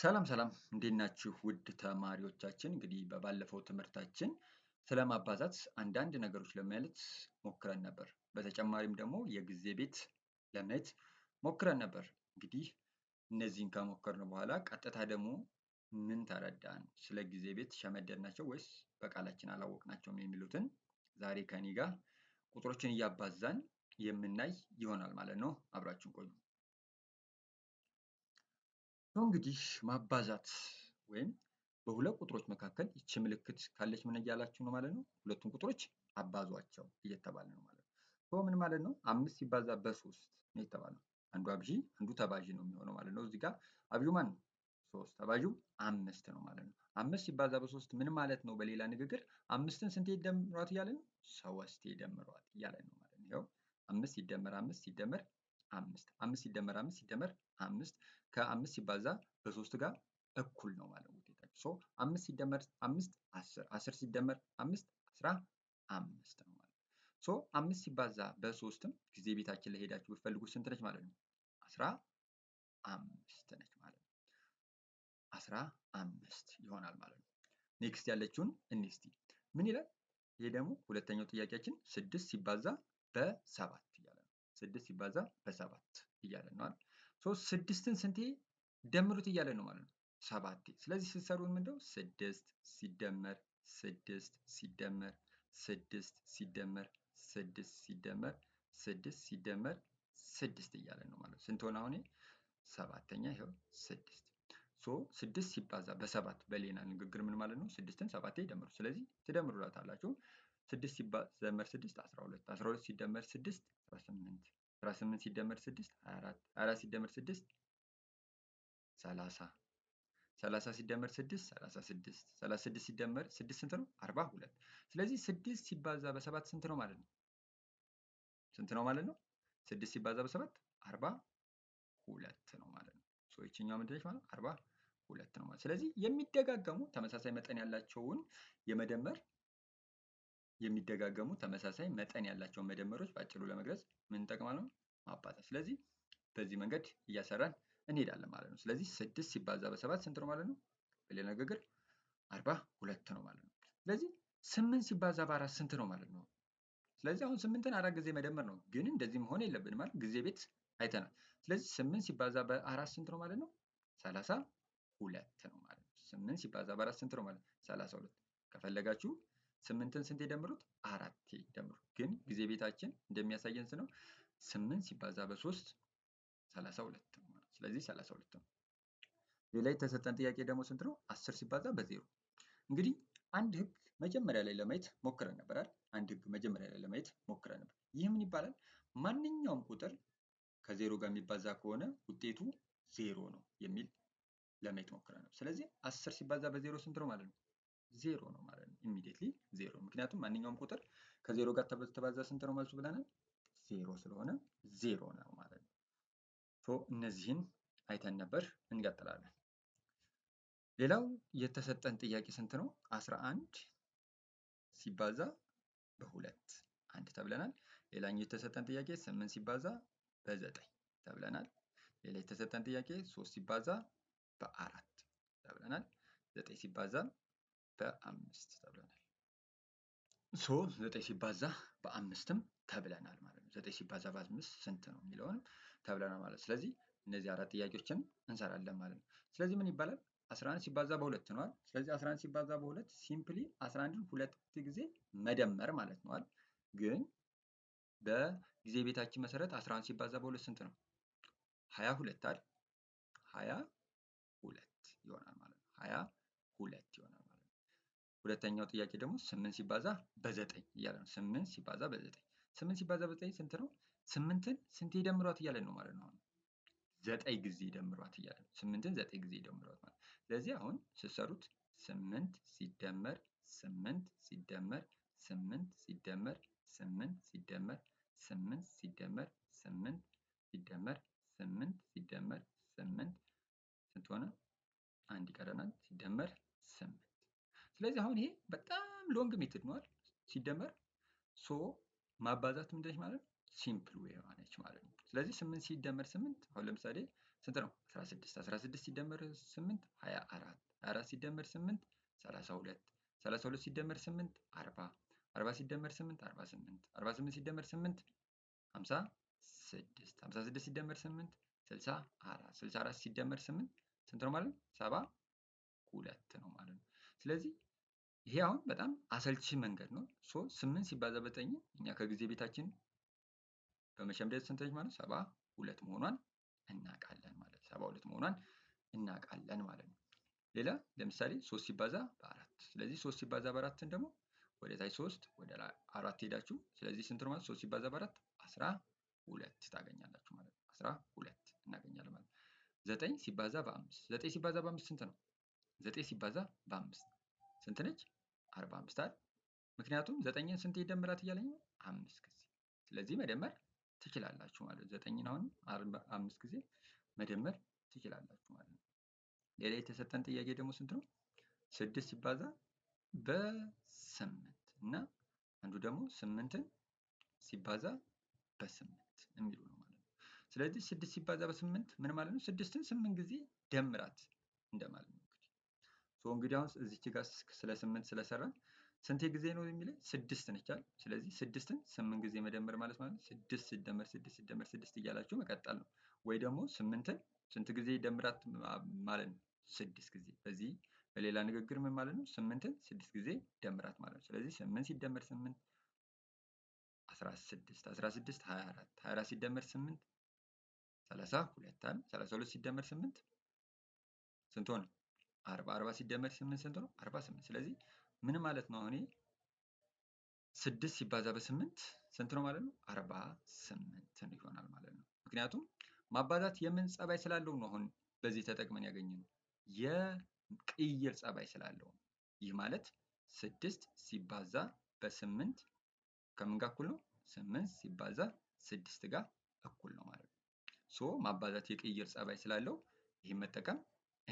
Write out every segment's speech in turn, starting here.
ሰላም ሰላም እንዴት ናችሁ ውድ ተማሪዎቻችን እንግዲህ በባለፈው ትምህርታችን ስለ ማባዛት አንዳንድ ነገሮች ለማየት ሞክረን ነበር። በተጨማሪም ደግሞ የጊዜ ቤት ለማየት ሞክረን ነበር። እንግዲህ እነዚህን ከሞከርን በኋላ ቀጥታ ደግሞ ምን ተረዳን፣ ስለ ጊዜ ቤት ሸመደድናቸው ወይስ በቃላችን አላወቅናቸውም የሚሉትን ዛሬ ከኔ ጋር ቁጥሮችን እያባዛን የምናይ ይሆናል ማለት ነው። አብራችን ቆዩ። ሰው እንግዲህ ማባዛት ወይም በሁለት ቁጥሮች መካከል ይቺ ምልክት ካለች ምን እያላችሁ ነው ማለት ነው ሁለቱን ቁጥሮች አባዟቸው እየተባለ ነው ማለት ነው። ምን ማለት ነው አምስት ሲባዛ በሶስት ነው የተባለው አንዱ አብዢ አንዱ ተባዢ ነው የሚሆነው ማለት ነው። እዚህ ጋር አብዢው ማን ነው? ሶስት ተባዢው አምስት ነው ማለት ነው። አምስት ሲባዛ በሶስት ምን ማለት ነው? በሌላ ንግግር አምስትን ስንት ይደምሯት እያለ ነው ሶስት ይደምሯት እያለ ነው ማለት ነው። ይኸው አምስት ሲደመር አምስት ሲደመር አምስት አምስት ሲደመር አምስት ሲደመር አምስት ከአምስት ሲባዛ በሶስት ጋር እኩል ነው ማለት ነው ውጤታችን። ሶ አምስት ሲደመር አምስት አስር አስር ሲደመር አምስት አስራ አምስት ነው ማለት ነው። ሶ አምስት ሲባዛ በሶስትም ጊዜ ቤታችን ለሄዳችሁ ሄዳችሁ ብትፈልጉ ስንት ነች ማለት ነው? አስራ አምስት ነች ማለት ነው። አስራ አምስት ይሆናል ማለት ነው። ኔክስት ያለችውን እኔስቲ ምን ይላል? ይሄ ደግሞ ሁለተኛው ጥያቄያችን ስድስት ሲባዛ በሰባት እያለ ነው። ስድስት ሲባዛ በሰባት እያለ ነዋል። ስድስትን ስንቴ ደምሩት እያለ ነው ማለት ነው ሰባቴ። ስለዚህ ስትሰሩ ምንድነው ስድስት ሲደመር ስድስት ሲደመር ስድስት ሲደመር ስድስት ሲደመር ስድስት ሲደመር ስድስት እያለ ነው ማለት ነው። ስንት ሆነ አሁን? ሰባተኛ ይኸው ስድስት። ሶ ስድስት ሲባዛ በሰባት በሌላ ንግግር ምን ማለት ነው? ስድስትን ሰባቴ ደምሩ። ስለዚህ ትደምሩላታላችሁ። ስድስት ሲደመር ስድስት አስራ ሁለት አስራ ሁለት ሲደመር ስድስት አስራ ስምንት 18 ሲደመር ስድስት 24 24 ሲደመር 6 30 30 ሲደመር 6 36 36 ሲደመር 6 ስንት ነው? 42 ስለዚህ ስድስት ሲባዛ በሰባት ስንት ነው ማለት ነው? ስንት ነው ማለት ነው? 6 ሲባዛ በሰባት 7 ሁለት ነው ማለት ነው። ይችኛዋ ምንድነች ማለት አርባ ነው ማለት ስለዚህ የሚደጋገሙ ተመሳሳይ መጠን ያላቸውን የመደመር የሚደጋገሙ ተመሳሳይ መጠን ያላቸውን መደመሮች በአጭሩ ለመግለጽ ምን እንጠቅማለን? ማባዛት። ስለዚህ በዚህ መንገድ እያሰራን እንሄዳለን ማለት ነው። ስለዚህ ስድስት ሲባዛ በሰባት ስንት ነው ማለት ነው? በሌላ ንግግር አርባ ሁለት ነው ማለት ነው። ስለዚህ ስምንት ሲባዛ በአራት ስንት ነው ማለት ነው? ስለዚህ አሁን ስምንትን አራት ጊዜ መደመር ነው፣ ግን እንደዚህ መሆን የለብን ማለት ጊዜ ቤት አይተናል። ስለዚህ ስምንት ሲባዛ በአራት ስንት ነው ማለት ነው? ሰላሳ ሁለት ነው ማለት ነው። ስምንት ሲባዛ በአራት ስንት ነው ማለት ነው? ሰላሳ ሁለት ከፈለጋችሁ ስምንትን ስንት የደምሩት አራት ደምሩ። ግን ጊዜ ቤታችን እንደሚያሳየን ስነው ስምንት ሲባዛ በሶስት ሰላሳ ሁለት ነው። ስለዚህ ሰላሳ ሁለት ነው። ሌላ የተሰጠን ጥያቄ ደግሞ ስንት ነው? አስር ሲባዛ በዜሮ። እንግዲህ አንድ ህግ መጀመሪያ ላይ ለማየት ሞክረን ነበራል። አንድ ህግ መጀመሪያ ላይ ለማየት ሞክረን ነበር። ይህ ምን ይባላል? ማንኛውም ቁጥር ከዜሮ ጋር የሚባዛ ከሆነ ውጤቱ ዜሮ ነው የሚል ለማየት ሞክረን ነበር። ስለዚህ አስር ሲባዛ በዜሮ ስንት ነው ማለት ነው? ዜሮ ነው ማለት ነው። ኢሚዲየትሊ ዜሮ ምክንያቱም ማንኛውም ቁጥር ከዜሮ ጋር ተባዛ ስንት ነው መልሱ ብለናል? ዜሮ ስለሆነ ዜሮ ነው ማለት ነው። እነዚህን አይተን ነበር። እንቀጥላለን። ሌላው የተሰጠን ጥያቄ ስንት ነው? አስራ አንድ ሲባዛ በሁለት አንድ ተብለናል። ሌላኛው የተሰጠን ጥያቄ ስምንት ሲባዛ በዘጠኝ ተብለናል። ሌላ የተሰጠን ጥያቄ ሶስት ሲባዛ በአራት ተብለናል። ዘጠኝ ሲባዛ በአምስት ተብለናል። ሶ ዘጠኝ ሲባዛ በአምስትም ተብለናል ማለት ነው። ዘጠኝ ሲባዛ በአምስት ስንት ነው የሚለውንም ተብለናል ማለት ስለዚህ እነዚህ አራት ጥያቄዎችን እንሰራለን ማለት ነው። ስለዚህ ምን ይባላል? 11 ሲባዛ በሁለት ነዋል። ስለዚህ 11 ሲባዛ በሁለት ሲምፕሊ 11ን ሁለት ጊዜ መደመር ማለት ነዋል። ግን በጊዜ ቤታችን መሰረት 11 ሲባዛ በሁለት ስንት ነው? 22 አይደል? ሁለት ይሆናል ማለት ነው። ሁለት ይሆናል። ሁለተኛው ጥያቄ ደግሞ ስምንት ሲባዛ በዘጠኝ እያለ ነው። ስምንት ሲባዛ በዘጠኝ ስምንት ሲባዛ በዘጠኝ ስንት ነው? ስምንትን ስንት ደምሯት እያለ ነው ማለት ነው። ዘጠኝ ጊዜ ደምሯት እያለ ነው። ስምንትን ዘጠኝ ጊዜ ደምሯት ማለት ስለዚህ አሁን ስትሰሩት ስምንት ሲደመር ስምንት ሲደመር ስምንት ሲደመር ስምንት ሲደመር ስምንት ሲደመር ስምንት ሲደመር ስምንት ሲደመር ስምንት ስንት ሆነ? አንድ ይቀረናል ሲደመር ስምንት ስለዚህ አሁን ይሄ በጣም ሎንግ ሜትድ ነው አይደል? ሲደመር ሶ ማባዛት ምንድነች ማለት ነው? ሲምፕል ዌይ ሆነች ማለት ነው። ስለዚህ 8 ሲደመር 8 አሁን ለምሳሌ ስንት ነው? 16 16 ሲደመር 8 24 24 ሲደመር 8 32 32 ሲደመር 8 40 40 ሲደመር 8 48 48 ሲደመር ስምንት 56 56 ሲደመር 8 64 64 ሲደመር 8 ስንት ነው ማለት ነው? ሰባ ሁለት ነው ማለት ነው። ስለዚህ ይሄ አሁን በጣም አሰልቺ መንገድ ነው። ሶ ስምንት ሲባዛ በዘጠኝ እኛ ከጊዜ ቤታችን በመሸምደድ ስንተች ማለት ሰባ ሁለት መሆኗን እናውቃለን ማለት ሰባ ሁለት መሆኗን እናቃለን ማለት ነው። ሌላ ለምሳሌ ሶስት ሲባዛ በአራት ስለዚህ ሶስት ሲባዛ በአራትን ደግሞ ወደ ታች ሶስት ወደ አራት ሄዳችሁ ስለዚህ ስንት ነው ማለት ሶስት ሲባዛ በአራት አስራ ሁለት ታገኛላችሁ ማለት ነው። አስራ ሁለት እናገኛለን ማለት ነው። ዘጠኝ ሲባዛ በአምስት ዘጠኝ ሲባዛ በአምስት ስንት ነው? ዘጠኝ ሲባዛ በአምስት ስንት ነች? አርባ አምስት አይደል? ምክንያቱም ዘጠኝን ስንት ይደምራት እያለኝ አምስት ጊዜ። ስለዚህ መደመር ትችላላችሁ ማለት ነው። ዘጠኝን አሁን አምስት ጊዜ መደመር ትችላላችሁ ማለት ነው። ሌላ የተሰጠን ጥያቄ ደግሞ ስንት ነው? ስድስት ሲባዛ በስምንት እና አንዱ ደግሞ ስምንትን ሲባዛ በስምንት የሚሉ ነው ማለት ነው። ስለዚህ ስድስት ሲባዛ በስምንት ምን ማለት ነው? ስድስትን ስምንት ጊዜ ደምራት እንደማለት ነው። ሶ እንግዲህ አሁን እዚች ጋር ስለ ስምንት ስለሰራን ስንቴ ጊዜ ነው የሚለኝ ስድስት ነቻል። ስለዚህ ስድስትን ስምንት ጊዜ መደመር ማለት ማለት ስድስት ሲደመር ስድስት ሲደመር ስድስት እያላችሁ መቀጠል ነው። ወይ ደግሞ ስምንትን ስንት ጊዜ ደምራት ማለት ነው ስድስት ጊዜ። በዚህ በሌላ ንግግር ምን ማለት ነው? ስምንትን ስድስት ጊዜ ደምራት ማለት ነው። ስለዚህ ስምንት ሲደመር ስምንት አስራ ስድስት አስራ ስድስት ሀያ አራት ሀያ አራት ሲደመር ስምንት ሰላሳ ሁለት ሰላሳ ሁለት ሲደመር ስምንት ስንት ሆነ? አርባ አርባ ሲደመር ስምንት ስንት ነው? አርባ ስምንት ስለዚህ ምን ማለት ነው? እኔ ስድስት ሲባዛ በስምንት ስንት ነው ማለት ነው? አርባ ስምንት ይሆናል ማለት ነው። ምክንያቱም ማባዛት የምን ጸባይ ስላለው ነው አሁን በዚህ ተጠቅመን ያገኘነው የቅይር ጸባይ ስላለው። ይህ ማለት ስድስት ሲባዛ በስምንት ከምን ጋር እኩል ነው? ስምንት ሲባዛ ስድስት ጋር እኩል ነው ማለት ነው። ሶ ማባዛት የቅይር ጸባይ ስላለው ይህን መጠቀም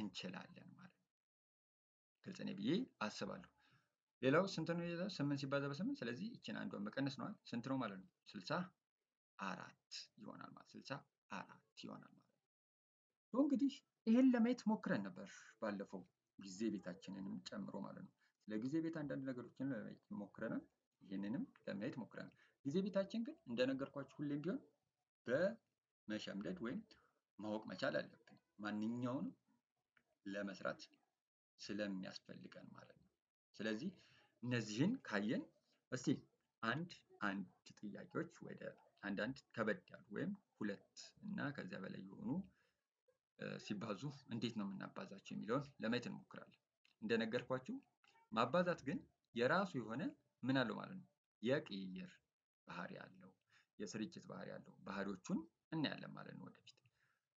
እንችላለን ማለት ነው። ግልጽ ነው ብዬ አስባለሁ። ሌላው ስንት ነው የዛ ስምንት ሲባዛ በስምንት ስለዚህ ይቺን አንዷን መቀነስ ነዋል ስንት ነው ማለት ነው ስልሳ አራት ይሆናል ማለት ስልሳ አራት ይሆናል ማለት ነው። እንግዲህ ይሄን ለማየት ሞክረን ነበር ባለፈው ጊዜ ቤታችንንም ጨምሮ ማለት ነው። ስለ ጊዜ ቤት አንዳንድ ነገሮችን ለማየት ሞክረናል። ይህንንም ለማየት ሞክረናል። ጊዜ ቤታችን ግን እንደነገርኳችሁ ሁሌም ቢሆን በመሸምደድ ወይም ማወቅ መቻል አለብን። ማንኛውንም ለመስራት ስለሚያስፈልገን ማለት ነው። ስለዚህ እነዚህን ካየን እስቲ አንድ አንድ ጥያቄዎች ወደ አንዳንድ ከበድ ያሉ ወይም ሁለት እና ከዚያ በላይ የሆኑ ሲባዙ እንዴት ነው የምናባዛቸው የሚለውን ለማየት እንሞክራለን። እንደነገርኳችሁ ማባዛት ግን የራሱ የሆነ ምን አለው ማለት ነው የቅይር ባህሪ ያለው የስርጭት ባህሪ ያለው ባህሪዎቹን እናያለን ማለት ነው ወደፊት።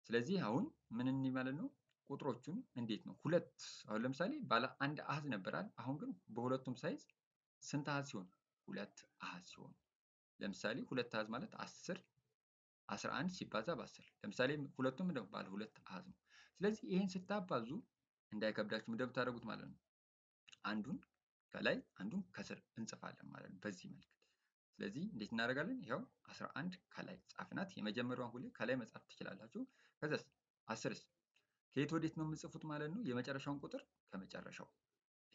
ስለዚህ አሁን ምን ማለት ነው ቁጥሮቹን እንዴት ነው ሁለት አሁን ለምሳሌ ባለ አንድ አሃዝ ነበራል። አሁን ግን በሁለቱም ሳይዝ ስንት አሃዝ ሲሆን ሁለት አሃዝ ሲሆን ለምሳሌ ሁለት አሃዝ ማለት አስር አስራ አንድ ሲባዛ በአስር ለምሳሌ ሁለቱም ደግሞ ባለ ሁለት አሃዝ ነው። ስለዚህ ይህን ስታባዙ እንዳይከብዳችሁ ታደርጉት ማለት ነው አንዱን ከላይ አንዱን ከስር እንጽፋለን ማለት ነው በዚህ መልክ። ስለዚህ እንዴት እናደርጋለን? ይኸው አስራ አንድ ከላይ ጻፍናት የመጀመሪያዋን ሁሌ ከላይ መጻፍ ትችላላችሁ። ከዛስ አስርስ ከየት ወዴት ነው የምጽፉት ማለት ነው? የመጨረሻውን ቁጥር ከመጨረሻው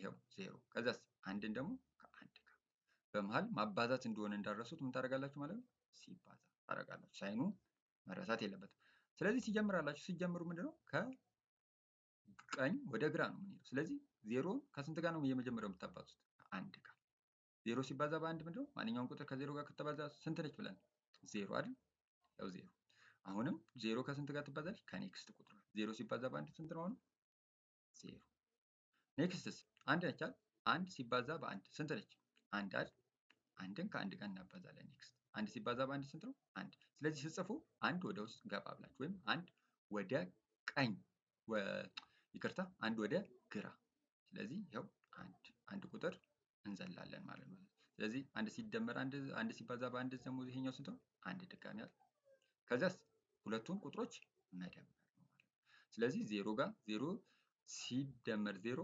ይኸው ዜሮ። ከዛስ አንድን ደግሞ ከአንድ ጋር በመሀል ማባዛት እንደሆነ እንዳረሱት ምን ታደርጋላችሁ ማለት ነው? ሲባዛ ታደርጋላችሁ። ሳይኑ መረሳት የለበትም። ስለዚህ ትጀምራላችሁ። ሲጀምሩ ምንድን ነው ከቀኝ ወደ ግራ ነው የምንሄደው። ስለዚህ ዜሮ ከስንት ጋር ነው የመጀመሪያው የምታባዙት? ከአንድ ጋር። ዜሮ ሲባዛ በአንድ ምንድን ነው? ማንኛውም ቁጥር ከዜሮ ጋር ከተባዛ ስንት ነች ብለን ዜሮ አይደል? ያው ዜሮ። አሁንም ዜሮ ከስንት ጋር ትባዛለች? ከኔክስት ቁጥር ዜሮ ሲባዛ በአንድ ስንት ነው? ዜሮ። ኔክስትስ አንድ ነቻል። አንድ ሲባዛ በአንድ ስንት ነች? አንድ አይደል? አንድን ከአንድ ጋር እናባዛለን። ኔክስት አንድ ሲባዛ በአንድ ስንት ነው? አንድ። ስለዚህ ስጽፉ አንድ ወደ ውስጥ ገባ ብላችሁ ወይም አንድ ወደ ቀኝ ይቅርታ፣ አንድ ወደ ግራ። ስለዚህ ይኸው አንድ አንድ ቁጥር እንዘላለን ማለት ነው። ስለዚህ አንድ ሲደመር አንድ አንድ ሲባዛ በአንድ ደግሞ ይሄኛው ስንት ነው? አንድ ድጋሚ አይደል? ከዚያስ ሁለቱን ቁጥሮች መደመር ስለዚህ ዜሮ ጋር ዜሮ ሲደመር ዜሮ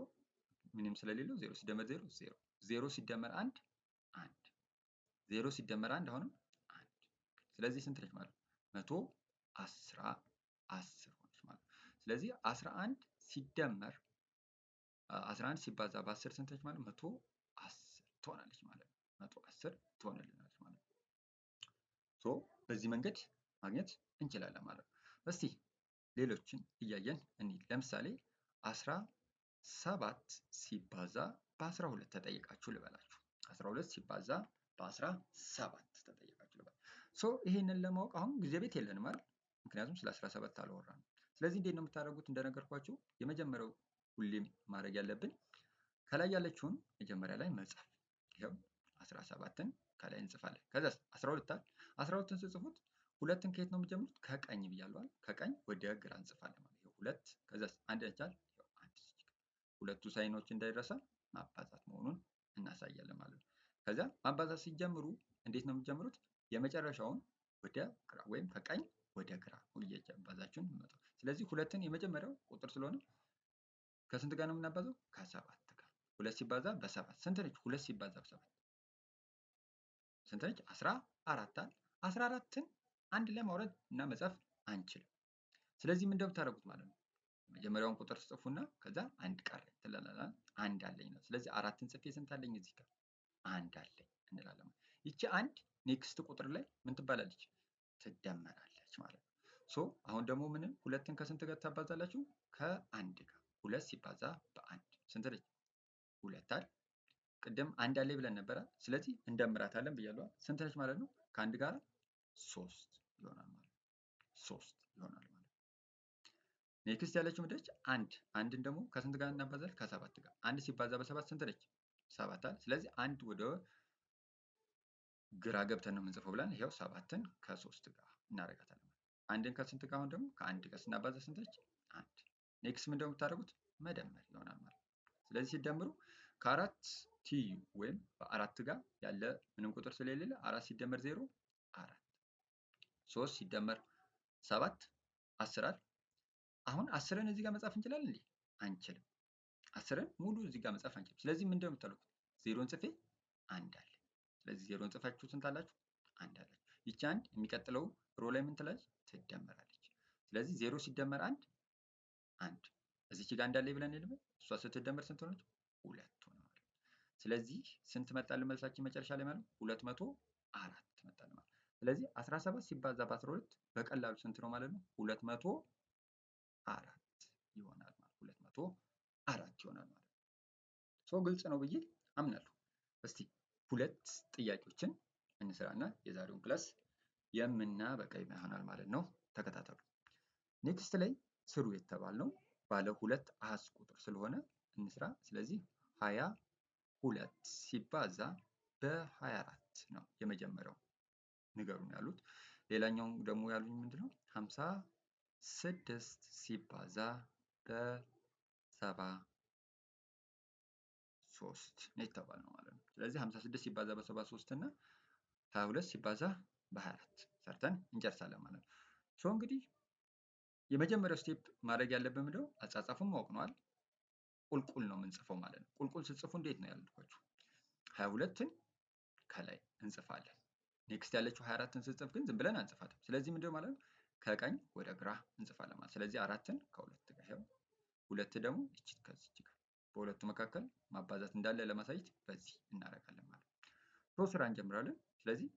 ምንም ስለሌለው ዜሮ ሲደመር ዜሮ ዜሮ ዜሮ ሲደመር አንድ አንድ ዜሮ ሲደመር አንድ አሁንም አንድ። ስለዚህ ስንት ነች ማለት ነው? መቶ አስራ አስር ሆነች ማለት ነው። ስለዚህ አስራ አንድ ሲደመር አስራ አንድ ሲባዛ በአስር ስንት ነች ማለት መቶ አስር ትሆናለች ማለት ነው። መቶ አስር ትሆንልናለች ማለት ነው። በዚህ መንገድ ማግኘት እንችላለን ማለት ነው። እስቲ ሌሎችን እያየን እንሂድ። ለምሳሌ አስራ ሰባት ሲባዛ በአስራ ሁለት ተጠይቃችሁ ልበላችሁ። አስራ ሁለት ሲባዛ በአስራ ሰባት ተጠይቃችሁ ልበላችሁ። ይህንን ለማወቅ አሁን ጊዜ ቤት የለንም አይደል? ምክንያቱም ስለ አስራ ሰባት አላወራንም። ስለዚህ እንዴት ነው የምታደርጉት? እንደነገርኳችሁ የመጀመሪያው ሁሌም ማድረግ ያለብን ከላይ ያለችውን መጀመሪያ ላይ መጻፍ። ይኸው አስራ ሰባትን ከላይ እንጽፋለን። ከዛ አስራ ሁለት አስራ ሁለትን ስጽፉት ሁለትን ከየት ነው የምጀምሩት? ከቀኝ ብያለዋል። ከቀኝ ወደ ግራ እንጽፋለን ማለት ነው። ሁለት ከዛ አንድ ያቻል አንድ ሁለቱ ሳይኖች እንዳይረሳ ማባዛት መሆኑን እናሳያለን ማለት ነው። ከዚያ ማባዛት ሲጀምሩ እንዴት ነው የሚጀምሩት? የመጨረሻውን ወደ ግራ ወይም ከቀኝ ወደ ግራ እያባዛችሁ የሚመጣው። ስለዚህ ሁለትን የመጀመሪያው ቁጥር ስለሆነ ከስንት ጋር ነው የምናባዛው? ከሰባት ጋር። ሁለት ሲባዛ በሰባት ስንት ነች? ሁለት ሲባዛ በሰባት ስንት ነች? አስራ አራት አስራ አራትን አንድ ላይ ማውረድ እና መጻፍ አንችልም። ስለዚህ ምንድን ነው ማለት ነው መጀመሪያውን ቁጥር ጽፉና ከዛ አንድ ቀረ ትላለና አንድ አለኝ ነው። ስለዚህ አራትን ጽፌ ስንት አለኝ እዚህ ጋር አንድ አለኝ እንላለን። ይቺ አንድ ኔክስት ቁጥር ላይ ምን ትባላለች? ትደመራለች ማለት ነው። ሶ አሁን ደግሞ ምንም ሁለትን ከስንት ጋር ታባዛላችሁ? ከአንድ ጋር ሁለት ሲባዛ በአንድ ስንት ነች? ሁለት አይደል? ቅድም አንድ አለኝ ብለን ነበረ። ስለዚህ እንደምራታለን ብያለሁ። ስንት ነች ማለት ነው? ከአንድ ጋር ሶስት ይሆናል ማለት ሶስት ይሆናል ማለት ኔክስት ያለችው ምንድነች? አንድ አንድን ደግሞ ከስንት ጋር እናባዛል? ከሰባት ጋር አንድ ሲባዛ በሰባት ስንት ነች? ሰባት ስለዚህ አንድ ወደ ግራ ገብተን ነው የምንጽፈው ብለን ይኸው ሰባትን ከሶስት ጋር እናደርጋታለን። አንድን ከስንት ጋር? አሁን ደግሞ ከአንድ ጋር ስናባዛ ስንት ነች? አንድ። ኔክስት ምን የምታደርጉት መደመር ይሆናል ማለት ነው። ስለዚህ ሲደምሩ ከአራት ቲዩ ወይም በአራት ጋር ያለ ምንም ቁጥር ስለሌለ አራት ሲደመር ዜሮ ሶስት ሲደመር ሰባት አስር አይደል? አሁን አስርን እዚህ ጋር መጻፍ እንችላለን እንዴ? አንችልም። አስርን ሙሉ እዚህ ጋር መጻፍ አንችልም። ስለዚህ ምንድን ነው የምታደርጉት? ዜሮን ጽፌ አንድ አለ። ስለዚህ ዜሮን ጽፋችሁ ስንት አላችሁ? አንድ አላችሁ። ይቺ አንድ የሚቀጥለው ሮ ላይ ምን ትላለች? ትደመራለች። ስለዚህ ዜሮ ሲደመር አንድ አንድ እዚች ጋር እንዳለ ብለን ልበል እሷ ስትደመር ስንት ሆነች? ሁለት ሆነ። ስለዚህ ስንት መጣልን መልሳችን መጨረሻ ላይ ማለት ሁለት መቶ አራት መጣልን ስለዚህ 17 ሲባዛ በ12 በቀላሉ ስንት ነው ማለት ነው? 204 ይሆናል ማለት 204 ይሆናል ማለት ነው። ሶ ግልጽ ነው ብዬ አምናለሁ። እስቲ ሁለት ጥያቄዎችን እንስራና የዛሬውን ክላስ የምናበቃ ይሆናል ማለት ነው። ተከታተሉ። ኔክስት ላይ ስሩ የተባልነው ባለ ሁለት አሃዝ ቁጥር ስለሆነ እንስራ። ስለዚህ 22 ሲባዛ በ24 ነው የመጀመሪያው ንገሩን ያሉት። ሌላኛው ደግሞ ያሉኝ ምንድነው ሀምሳ ስድስት ሲባዛ በሰባ ሶስት ነው የተባልነው ማለት ነው። ስለዚህ ሀምሳ ስድስት ሲባዛ በሰባ ሶስት እና ሀያ ሁለት ሲባዛ በሀያ አራት ሰርተን እንጨርሳለን ማለት ነው። ሶ እንግዲህ የመጀመሪያው ስቴፕ ማድረግ ያለብን ምንድነው አጻጻፉን አውቅነዋል። ቁልቁል ነው የምንጽፈው ማለት ነው። ቁልቁል ስትጽፉ እንዴት ነው ያልኳችሁ? ሀያ ሁለትን ከላይ እንጽፋለን ኔክስት ያለችው 24ን ስንጽፍ ግን ዝም ብለን አንጽፋትም። ስለዚህ ምንድን ማለት ነው ከቀኝ ወደ ግራ እንጽፋለን ማለት። ስለዚህ አራትን ከሁለት ጋር ይኸው ሁለት ደግሞ እቺ ከዚች ጋር በሁለቱ መካከል ማባዛት እንዳለ ለማሳየት በዚህ እናደርጋለን ማለት ነው። ሶ ስራ እንጀምራለን። ስለዚህ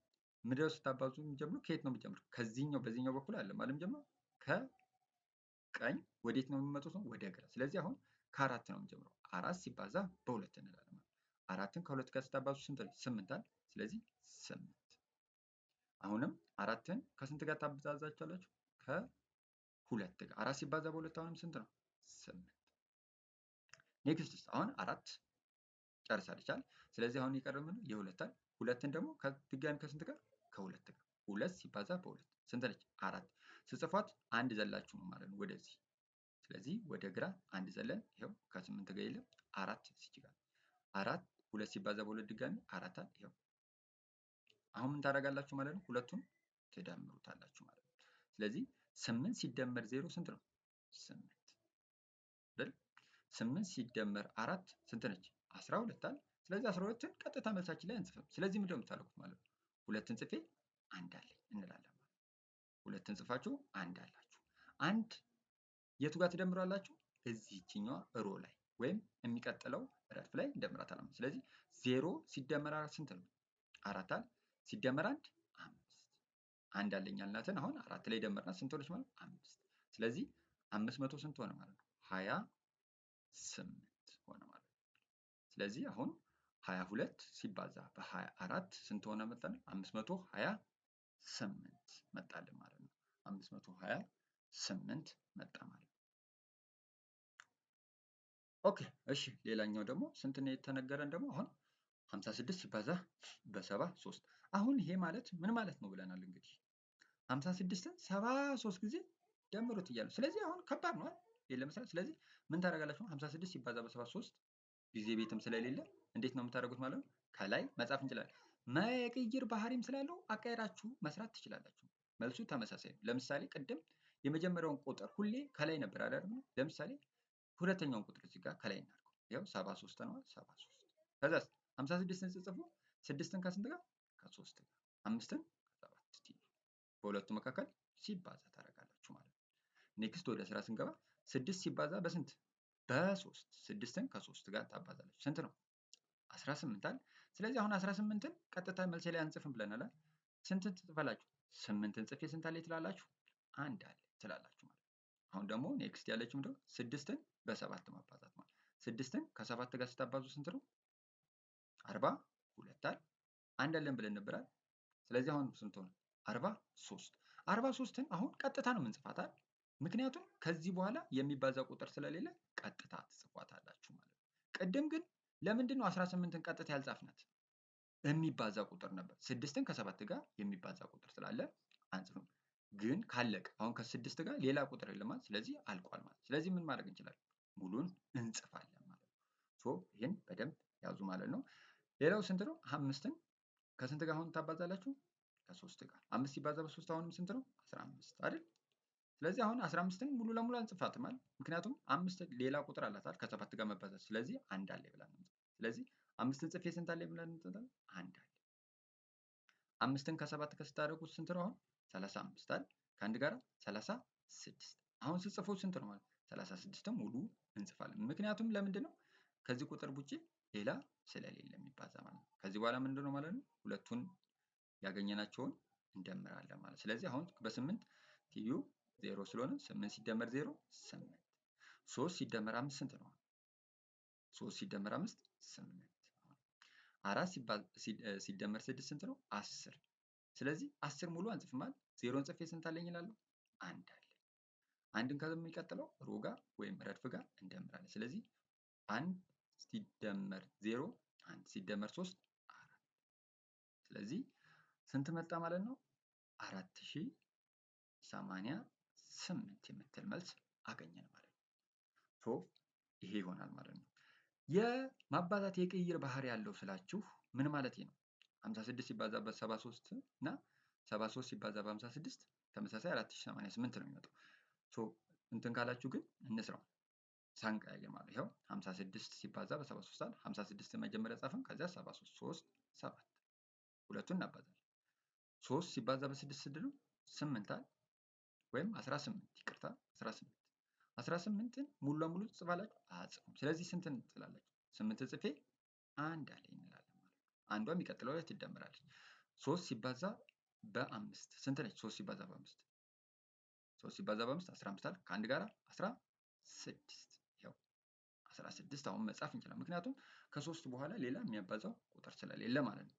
ምድረ ስታባዙ የሚጀምሩ ከየት ነው የሚጀምሩ? ከዚህኛው በዚህኛው በኩል አለ ማለት የሚጀምረው ከቀኝ ወዴት ነው የሚመጡት ነው ወደ ግራ። ስለዚህ አሁን ከአራት ነው የሚጀምረው። አራት ሲባዛ በሁለት እንላለን ማለት አራትን ከሁለት ጋር ስታባዙ ስንት ስምንት አለ። ስለዚህ ስምንት አሁንም አራትን ከስንት ጋር ታበዛዛቻላችሁ? ከሁለት ጋር። አራት ሲባዛ በሁለት አሁንም ስንት ነው? ስምንት። ኔክስት አሁን አራት ጨርሳለች ስለዚህ አሁን የቀረው ምንድን ነው? የሁለት አይደል? ሁለትን ደግሞ ድጋሚ ከስንት ጋር? ከሁለት ጋር። ሁለት ሲባዛ በሁለት ስንት ነች? አራት። ስጽፏት አንድ ዘላችሁ ነው ማለት ነው ወደዚህ። ስለዚህ ወደ ግራ አንድ ዘለን ይኸው ከስምንት ጋር የለም አራት ሲችጋል አራት ሁለት ሲባዛ በሁለት ድጋሚ አራት አይደል? ይኸው አሁን ምን ታደርጋላችሁ ማለት ነው? ሁለቱን ትደምሩታላችሁ ማለት ነው። ስለዚህ ስምንት ሲደመር ዜሮ ስንት ነው? ስምንት ብል ስምንት ሲደመር አራት ስንት ነች? አስራ ሁለት አለ። ስለዚህ አስራ ሁለትን ቀጥታ መልሳችን ላይ አንጽፍም። ስለዚህ ምንድን ነው የምታደርጉት ማለት ነው? ሁለትን ጽፌ አንድ አለኝ እንላለን ማለት ነው። ሁለትን ጽፋችሁ አንድ አላችሁ። አንድ የቱ ጋር ትደምራላችሁ? እዚህችኛዋ ሮ ላይ ወይም የሚቀጥለው ረድፍ ላይ እንደምራታለን። ስለዚህ ዜሮ ሲደመር አራት ስንት ነው? አራት አለ። ሲደመር አንድ አምስት አንድ አለኝ ያልናትን አሁን አራት ላይ ደመርናት ስንት ሆነች ማለት አምስት። ስለዚህ አምስት መቶ ስንት ሆነ ማለት ነው? ሀያ ስምንት ሆነ ማለት ነው። ስለዚህ አሁን ሀያ ሁለት ሲባዛ በሀያ አራት ስንት ሆነ መጠን አምስት መቶ ሀያ ስምንት መጣልን ማለት ነው። አምስት መቶ ሀያ ስምንት መጣ ማለት ነው። ኦኬ እሺ፣ ሌላኛው ደግሞ ስንት ነው የተነገረን ደግሞ አሁን ሀምሳ ስድስት ሲባዛ በሰባ ሶስት አሁን ይሄ ማለት ምን ማለት ነው ብለናል። እንግዲህ 56 ስድስትን 73 ጊዜ ደምሩት እያሉ ስለዚህ አሁን ከባድ ነው ለምሳሌ ስለዚህ ምን ታደርጋላችሁ? ሀምሳ ሲባዛ በ73 ጊዜ ቤትም ስለሌለ እንዴት ነው የምታደርጉት ማለት ነው። ከላይ መጻፍ እንችላለን። መቀየር ባህሪም ስላለው አቀየራችሁ መስራት ትችላላችሁ። መልሱ ተመሳሳይ ነው። ለምሳሌ ቅድም የመጀመሪያውን ቁጥር ሁሌ ከላይ ነበር አይደል? ለምሳሌ ሁለተኛውን ቁጥር እዚህ ጋር ከላይ እናድርገው። ይኸው 73 ነው 73። ከዛ ሀምሳ ስድስትን ስድስትን ከስንት ጋር ከሶስት ጋር አምስትን ከሰባት ቲ በሁለቱ መካከል ሲባዛ ታደርጋላችሁ ማለት ነው። ኔክስት ወደ ስራ ስንገባ ስድስት ሲባዛ በስንት በሶስት ስድስትን ከሶስት ጋር ታባዛለች ስንት ነው? አስራ ስምንት አለ። ስለዚህ አሁን አስራ ስምንትን ቀጥታ መልሴ ላይ አንጽፍም ብለናል። ስንት ትጽፋላችሁ? ስምንትን ጽፌ ስንት አለ ትላላችሁ? አንድ አለ ትላላችሁ ማለት ነው። አሁን ደግሞ ኔክስት ያለችው ምንድነው? ስድስትን በሰባት ማባዛት ማለት ስድስትን ከሰባት ጋር ስታባዙ ስንት ነው? አርባ ሁለት አለ አንድ አለን ብለን ነበራል። ስለዚህ አሁን ስንት ሆነ? አርባ ሶስት አርባ ሶስትን አሁን ቀጥታ ነው ምንጽፋታል? ምክንያቱም ከዚህ በኋላ የሚባዛ ቁጥር ስለሌለ ቀጥታ ትጽፏታላችሁ ማለት ነው። ቅድም ግን ለምንድን ነው 18ን ቀጥታ ያልጻፍናት? የሚባዛ ቁጥር ነበር። ስድስትን ከሰባት ጋር የሚባዛ ቁጥር ስላለ አንጽፍም። ግን ካለቀ አሁን ከስድስት ጋር ሌላ ቁጥር የለማት፣ ስለዚህ አልቋል ማለት ስለዚህ ምን ማድረግ እንችላለን? ሙሉን እንጽፋለን ማለት ነው። ይህን በደንብ ያዙ ማለት ነው። ሌላው ስንት ነው? አምስትን ከስንት ጋር አሁን ታባዛላችሁ? ከሶስት ጋር አምስት ሲባዛ በሶስት አሁንም ስንት ነው? አስራ አምስት አይደል? ስለዚህ አሁን አስራ አምስትን ሙሉ ለሙሉ አንጽፋትማል። ምክንያቱም አምስት ሌላ ቁጥር አላታል ከሰባት ጋር መባዛት። ስለዚህ አንድ አለ ብላ ስለዚህ አምስትን ጽፌ ስንት አለ ብላ አንድ አለ። አምስትን ከሰባት ከስታደረጉት ስንት ነው? አሁን ሰላሳ አምስት አይደል? ከአንድ ጋር ሰላሳ ስድስት አሁን ስጽፉ ስንት ነው ማለት ሰላሳ ስድስትም ሙሉ እንጽፋለን። ምክንያቱም ለምንድን ነው ከዚህ ቁጥር ውጪ? ሌላ ስለሌለ የሚባል ዘመን ነው። ከዚህ በኋላ ምንድን ነው ማለት ነው ሁለቱን ያገኘናቸውን እንደምራለን ማለት ስለዚህ አሁን በስምንት ቲዩ ዜሮ ስለሆነ ስምንት ሲደመር ዜሮ ስምንት ሶስት ሲደመር አምስት ስንት ነው? ሶስት ሲደመር አምስት ስምንት አራት ሲደመር ስድስት ስንት ነው? አስር ስለዚህ አስር ሙሉ አንጽፍም አይደል? ዜሮን ጽፌ ስንት አለኝ እላለሁ? አንድ አለ። አንድን ከሚቀጥለው የሚቀጥለው ሮጋ ወይም ረድፍ ጋር እንደምራለን። ስለዚህ አንድ ሲደመር 0 1 ሲደመር 3 4 ስለዚህ ስንት መጣ ማለት ነው? 4088 የምትል መልስ አገኘን ማለት ነው። ይሄ ይሆናል ማለት ነው። የማባዛት የቅይር ባህሪ ያለው ስላችሁ ምን ማለት ነው? 56 ሲባዛ በ73 እና 73 ሲባዛ በ56 ተመሳሳይ 4088 ነው የሚመጣው። እንትን ካላችሁ ግን እንስራው ሳንቀ ማለት ይኸው 56 ሲባዛ በ73 ሰዓት 56 መጀመሪያ ጻፈን ከዚያ 73 3 7 ሁለቱን እናባዛለን። 3 ሲባዛ በ6 ስድሉ 8 አል ወይም 18 ይቅርታ 18 18ን ሙሉ ለሙሉ ትጽፋላችሁ አጽፉም። ስለዚህ ስንትን ትጥላላችሁ? 8 ጽፌ አንድ አለ እንላለን ማለት ነው። አንዷ የሚቀጥለው ላይ ትደምራለች። 3 ሲባዛ በአምስት ስንት ነች? 3 ሲባዛ በአምስት 3 ሲባዛ በአምስት 15 አል ከአንድ ጋራ 16 16 አሁን መጻፍ እንችላለን። ምክንያቱም ከሶስት በኋላ ሌላ የሚያባዛው ቁጥር ስለሌለ ማለት ነው።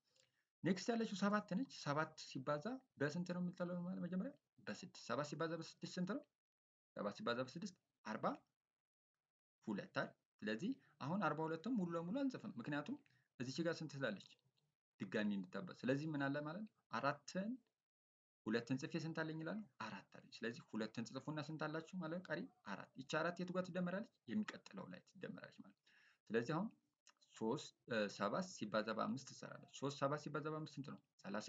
ኔክስት ያለችው ሰባት ነች። ሰባት ሲባዛ በስንት ነው የምትለው? መጀመሪያ በስድስት ሰባት ሲባዛ በስድስት ስንት ነው? ሰባት ሲባዛ በስድስት አርባ ሁለት አይደል? ስለዚህ አሁን አርባ ሁለትም ሙሉ ለሙሉ አንጽፍም፣ ምክንያቱም እዚች ጋር ስንት ስላለች ድጋሚ የምታበዝ ስለዚህ ምን አለ ማለት ነው አራትን ሁለትን ጽፌ ስንት አለኝ ይላል አራት ስለዚህ ሁለትን ጽፉና ስንት አላችሁ ማለት ቀሪ አራት። ይቺ አራት የቱ ጋር ትደመራለች? የሚቀጥለው ላይ ትደመራለች ማለት ነው። ስለዚህ አሁን ሶስት ሰባት ሲባዛ በአምስት ትሰራለች። ሶስት ሰባት ሲባዛ በአምስት ስንት ነው? ሰላሳ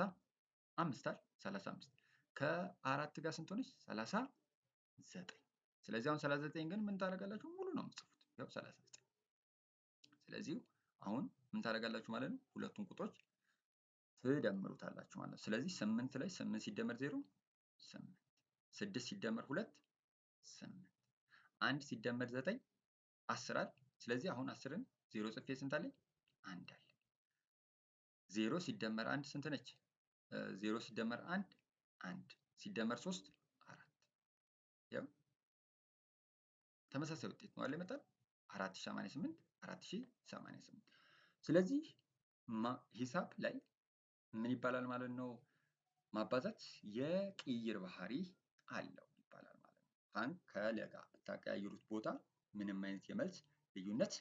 አምስት አይደል? ሰላሳ አምስት ከአራት ጋር ስንት ሆነች? ሰላሳ ዘጠኝ። ስለዚህ አሁን ሰላሳ ዘጠኝ ግን ምን ታደርጋላችሁ? ሙሉ ነው የምትጽፉት። ያው ሰላሳ ዘጠኝ። ስለዚህ አሁን ምን ታደርጋላችሁ ማለት ነው? ሁለቱን ቁጥሮች ትደምሩታላችሁ ማለት ነው። ስለዚህ ስምንት ላይ ስምንት ሲደመር ዜሮ ስምንት ስድስት ሲደመር ሁለት ስምንት አንድ ሲደመር ዘጠኝ አስር አይደል? ስለዚህ አሁን አስርን ዜሮ ጽፌ ስንት አለኝ? አንድ አለ። ዜሮ ሲደመር አንድ ስንት ነች? ዜሮ ሲደመር አንድ አንድ ሲደመር ሶስት አራት። ያው ተመሳሳይ ውጤት ነው አለ ይመጣል። አራት ሺ ሰማንያ ስምንት አራት ሺ ሰማንያ ስምንት ስለዚህ ሂሳብ ላይ ምን ይባላል ማለት ነው? ማባዛት የቅይር ባህሪ አለው ይባላል ማለት ነው። ሀን ከለ ጋር ብታቀያየሩት ቦታ ምንም አይነት የመልስ ልዩነት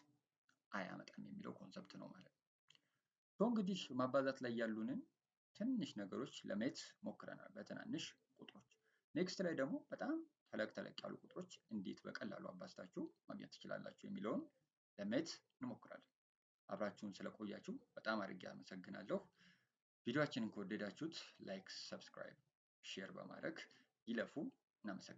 አያመጣም የሚለው ኮንሰፕት ነው ማለት ነው። እንግዲህ ማባዛት ላይ ያሉንን ትንሽ ነገሮች ለማየት ሞክረናል በትናንሽ ቁጥሮች። ኔክስት ላይ ደግሞ በጣም ተለቅ ተለቅ ያሉ ቁጥሮች እንዴት በቀላሉ አባዝታችሁ ማግኘት ትችላላችሁ የሚለውን ለማየት እንሞክራለን። አብራችሁን ስለቆያችሁ በጣም አድርጌ አመሰግናለሁ። ቪዲዮችንን ከወደዳችሁት ላይክ፣ ሰብስክራይብ፣ ሼር በማድረግ il a fou. Non, mais ça